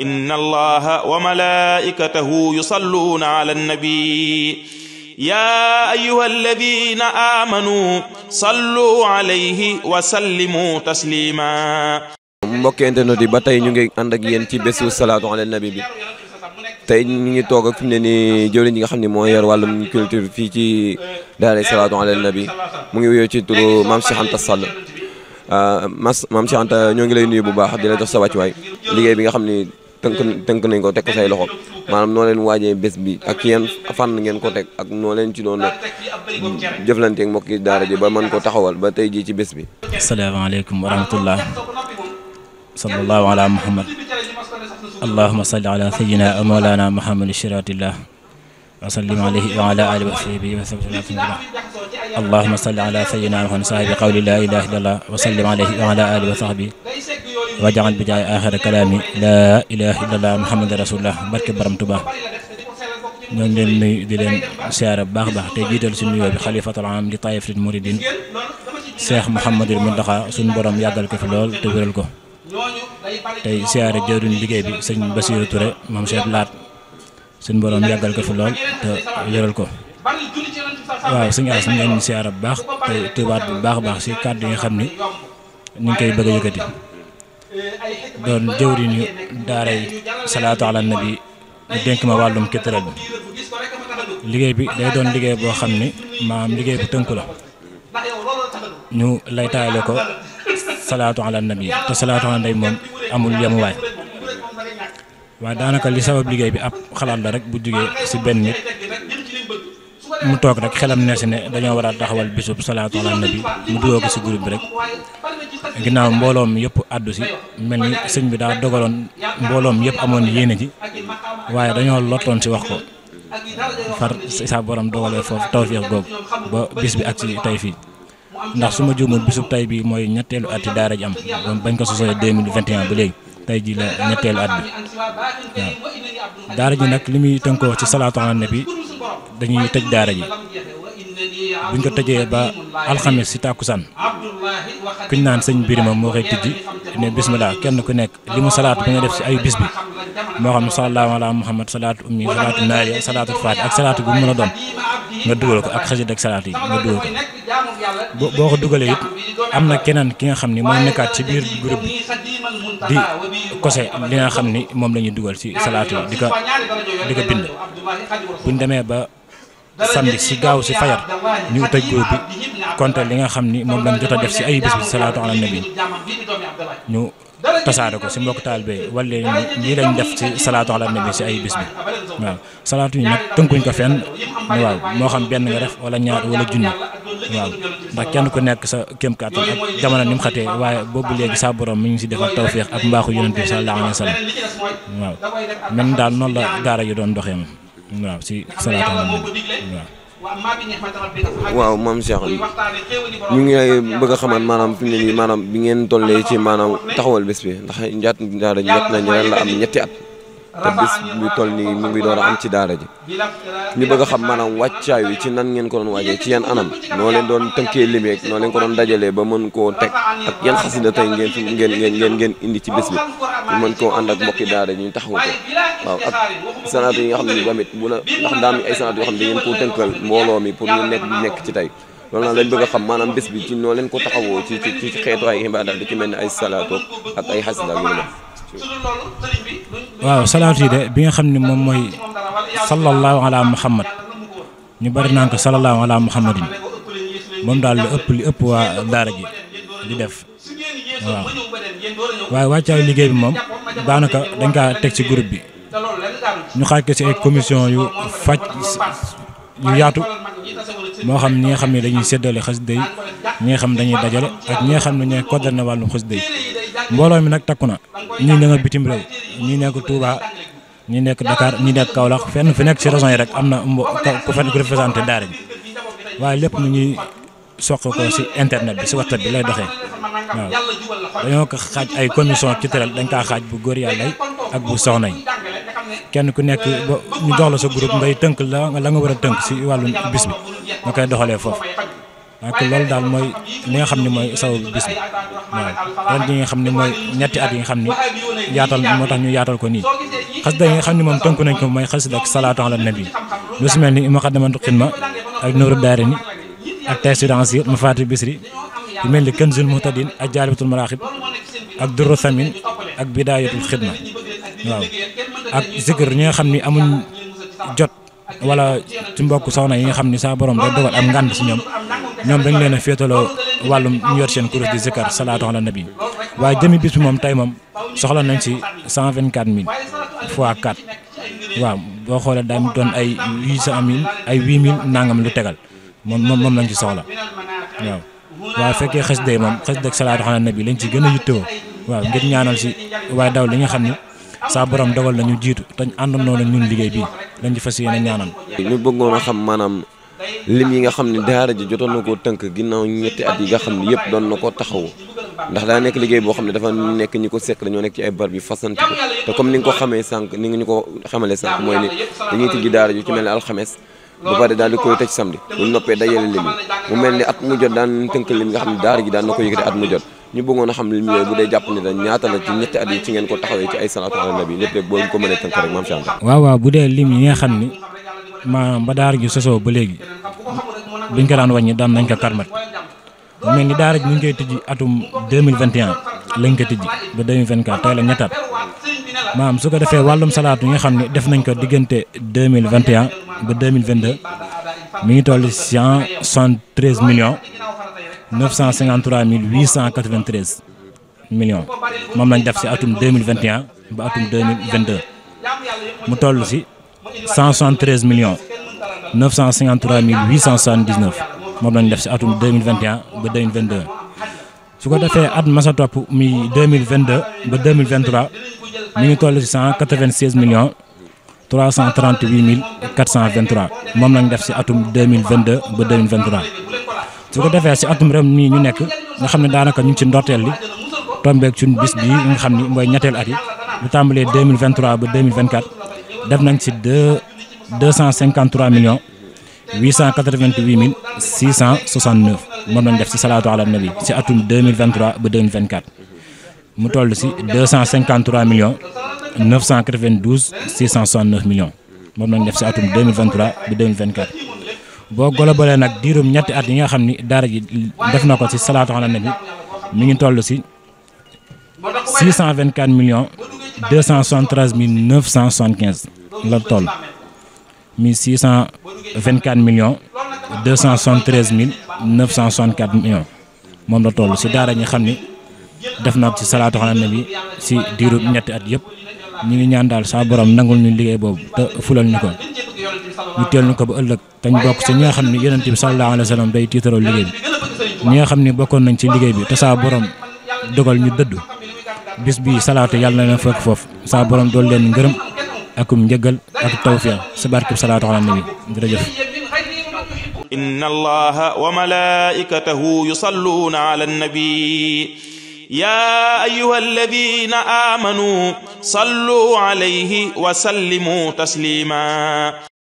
inna allaha wa malaa'ikatahu yusalluuna ala annabi yaa ayyuha alladina aamanu sallu alayhi wa sallimu taslima mbokkente no di ba tey ñu ngi ànd ak yéen ci bésu salaatu ala nabi bi tey ñu ngi toog ak fi mu ne nii jëwriñ ñi nga xam ne moo yor wàllum culture fii ci daara salaatu ala nabi mu ngi wuyoo ci turu maam Cheikh Anta Sall ah, mas maam Cheikh Anta ñoo ngi lay nuyu bu baax di la jox sa wàccuwaay liggéey bi nga xam ni tënk tënk nañ ko teg ko say loxo maanaam noo leen waajee bés bi ak yeen fànn ngeen ko teg ak noo leen ci doon jëflanteeg mbokki daara ji ba mën ko taxawal ba tey jii ci bés bi. asalaamaaleykum wa rahmatullah sallallahu ala muhammad allahuma salli ala sayyidina wa mawlana muhammad shiratillah wa sallim alayhi wa ala alihi wa sahbihi wa sallam allahuma salli ala sayyidina muhammad sahibi qawli la ilaha illallah wa sallim alayhi wa ala alihi wa sahbihi waa wajaxal bi jaay axira kalaami laa ilaha illallah muhammadu rasulullah barke baram Tuubaa ñoo ngi leen nuyu di leen siyaare bu baax baax te jiital suñu nuyoo bi xalifatul am di taayifatul muridin Cheikh Mouhamadul Mountakha suñu boroom yàggal ko fi lool te wéral ko tey siyaare jëwriñ liggéey bi sëñ Bassirou Touré moom Cheikh Laat suñu borom yàggal ko fi lool te ko waaw suñu as ngeen siyaare bu baax te teewaat bu baax baax si kàdd yi nga xam ni ñu ngi koy bëgg a yëkkati doon jëwriñu daara yi salaatu ala nabi ñu dénk ma wàllum kitaraal bi liggéey bi day doon liggéey boo xam ni maam liggéey bu tënku la ñu lay ko salaatu ala nabi te salaatu moom amul yemuwaay waaye daanaka li sabab liggéey bi ab xalaat la rek bu jugee ci benn nit mu toog rek xelam ne si ne dañoo war a taxawal bisub salaatu ala nabi mu duggoo ko si groupe bi rek ginnaaw mbooloom yëpp àddu si mel ni sëñ bi daa dogaloon mbooloom yëpp amoon yéene ji waaye dañoo lottoon si wax ko far sa boroom dogalee foofu tawfeex googu ba bis bi ak si tey fii ndax su ma juumul bisub tey bi mooy ñetteelu at yi daara ji am bañ ko sosee 2021 ba léegi tey ji la ñetteelu at bi daara ji nag li muy tënkoo ci salaatu ala dañuy tëj daara ji buñ ko tëjee ba alxames si tàkkusaan kuñ naan sëñ Birima moo koy tijji ne bismillah kenn ku nekk li mu salaatu bi nga def si ay bis bi moo xam sallallahu ala muhammad salaatu ummi salaatu naariya salaatu ak salaatu bu mu mën a doon nga dugal ko ak xasit ak salaat yi nga dugal ko boo ko dugalee it am na keneen ki nga xam ni mooy nekkaat ci biir groupe bi di kose li nga xam ni moom lañuy dugal ci salaat yi di ko di ko bind buñ demee ba samedi si gaaw si fajar ñu tëj góor bi compté li nga xam ni moom lañ jot a def ci ay bis bi salaatu ala nabi ñu tasaare ko si mbokk taalibe yi wala lii lañ def si si ay bis bi waaw salaatu yi nag tënkuñ ko fenn waaw moo xam benn nga def wala ñaar wala junni waaw ndax kenn ku nekk sa kéem kàttan ak jamono ni mu waaye boobu léegi sa borom mi ngi si defal tawféex ak mbaaxu yonent bi sallallahu alayhi wa sallam waaw même daal noonu la daara yi doon doxee moom. waaw si salaatu ala nabi waaw. waaw maam Cheikh ñu ngi lay bëgg maanaam fi ne nii maanaam bi ngeen tollee ci maanaam taxawal bés bi ndax njaat njaat na ñaar la am ñetti at. te bis lu toll nii mu ngi door a am ci daara ji ñu bëgg a xam maanaam wàccaay ci nan ngeen ko doon waajee ci yan anam noo leen doon tënkee limeeg noo leen ko doon dajalee ba mën koo teg ak yan xasida tey ngeen fi ngeen ngeen ngeen indi ci bis bi mën koo ànd ak mbokki daara ji ñu taxawu ko waaw ak sanaatu yi nga xam ne tamit bu la ndax daa mi ay sanaatu yoo xam ne ngeen koo tënkal mbooloo mi pour ñu nekk nekk ci tey loolu nag lañ bëgg a xam maanaam bés bi ci noo leen ko taxawoo ci ci ci xeetu ay ibaada di ci mel ne ay salaatu ak ay xasida yu waaw salaatu yi de bi nga xam ne moom mooy sallallahu ala muhammad ñu bari naan ko sallallahu ala muhammadin moom daal lu ëpp li ëpp waa daara ji di def waaw waaye wàccaayu liggéey bi moom daanaka dañ kaa teg ci gurup bi ñu xaaj ko ci ay commission yu faj yu yaatu moo xam ñi nga xam ne dañuy seddale xasida yi ñi nga xam ne dañuy dajale ak ñi nga xam ne ñooy coordonné wàllu xasida yi mbooloo mi nag takku na ñii nga nga bitim réew ñii nekk Touba ñu nekk Dakar ñii nekk Kaolack fenn fi nekk ci région yi rek am na mbo ku fenn ku représenté daara ji waaye lépp ñu ngi soq ko ci internet bi si WhatsApp bi lay doxee waaw dañoo ko xaaj ay commission ci dañ kaa xaaj bu góor yàlla yi ak bu soxna yi kenn ku nekk ba ñu dox la sa groupe ngay tënk la la nga war a tënk si wàllu bis bi nga koy doxalee foofu. donc loolu daal mooy li nga xam ne mooy sababu bis bi waaw ren nga xam ne mooy ñetti at yi nga xam ne yaatal moo tax ñu yaatal ko nii xasida yi nga xam ne moom tënku nañ ko mooy xasida ak salaatu ala nabi lu si mel ni muqaddamatu xidma ak nuuru daarini ak taysir ansir mafaati bisri mel ni kanzul muhtadin ak jaalibatul maraaxib ak durru thamin ak bidaayatul xidma waaw ak zikr ñi nga xam ni amuñ jot wala ci mbokk soxna yi nga xam ne saa borom day dogal am ngànd si ñoom ñoom dañ leen a féetaloo wàllum ñu yor seen kuréel di zikkar salaatu ala nabi waaye jëmi bis bi moom tey moom soxla nañ si cent vingt quatre mille fois quatre waaw boo xoolee daa mu doon ay huit cent mille ay huit mille nangam lu tegal moom moom moom lañ ci soxla waaw. waaw fekkee xes day moom xes dëgg salaatu ala nabi lañ ci gën a yittewoo waaw ngir ñaanal si waaye daw li nga xam ne saa borom dogal nañu jiitu te àndandoo na ñun liggéey bii lañ ci fas yéene ñaanal. ñu a lim yi nga xam ne daara ji jotoon na koo tënk ginnaaw ñetti at yi nga xam ne yëpp doon na ko taxawu ndax daa nekk liggéey boo xam ne dafa nekk ñi ko sekk dañoo nekk ci ay barab yu fasante ko te comme ni nga ko xamee sànq ko xamale sànq mooy ne dañuy tijji daara ju mel pare daal di koy tëj samedi bu noppee dajale lim yi mu mel ni at mu jot daan tënk lim nga xam ne daara ji daan na ko yëkkati at mu jot ñu bëggoon a xam lim yooyu bu dee jàpp ne da ñaata la ci ñetti at yi ci ngeen ko taxawee ci ay salaatu ala nabi lépp rek boo ñu ko maanaam ba daara ji sosoo ba léegi buñ ko daan wàññi daan nañ ko karmat mu ngi ni daara ji ñu ngi koy tijji atum 2021 lañ ko tijji ba 2024 tey la ñettaat ko defee wàllum salaatu yi nga xam ne def nañ ko diggante 2021 ba 2022 mi ngi toll ci cent soixante-treize millions mille huit cent quatre-vingt-treize moom lañ def si atum 2021 ba atum 2022 mu toll si 173 millions 953 mille 879 moom lañ def si atum 2021 ba 2022 su ko defee at masa topp mi 2022 ba 2023 mi ngi toll si 196 millions 338 mille 423 moom lañ def si atum 2022 ba 2023 su ko defee si atum ren nii ñu nekk nga xam ne daanaka ñu ngi ci ndorteel li tombeek suñu bis bii nga xam ni mooy ñetteel at yi lu tàmbalee 2023 ba 2024 def nañ ci deux deux cent cinquante trois millions huit cent quatre vingt huit mille six cent soixante neuf moom lañ def ci salaatu ala nabi ci mille vingt trois ba deux mille mu toll ci deux cent cinquante trois millions vingt douze six cent soixante neuf millions moom lañ def ci atum deux mille vingt trois ba deux mille vingt quatre boo nag diirum ñetti at yi nga xam ni daara ji def na ko ci salaatu na bi mi ngi toll ci six cent vingt quatre millions deux cent mille neuf cent la toll mille six cent vingt quatre millions deux cent soixante treize mille neuf cent soixante quatre millions moom la toll si daara ñi xam ni def naa ci salaatu ala nabi si diiru ñetti at yëpp ñu ngi ñaan daal saa borom nangul ñu liggéey boobu te fulal ñu ko ñu teel ñu ko ba ëllëg dañ bokk si ñi nga xam ne yonent bi sallallahu alayhi wa sallam day tiitaroo liggéey bi ñi nga xam ne bokkoon nañ ci liggéey bi te saa borom dogal ñu dëdd bis bi salaatu yàlla na leen fekk foofu saa borom dool leen ngërëm. akum njëgal ak tawfiq si barkib salaatu ala nabi jërëjëf inna allaha wa malaikatahu yusalluna ala nabi يا أيها الذين آمنوا صلوا عليه وسلموا تسليما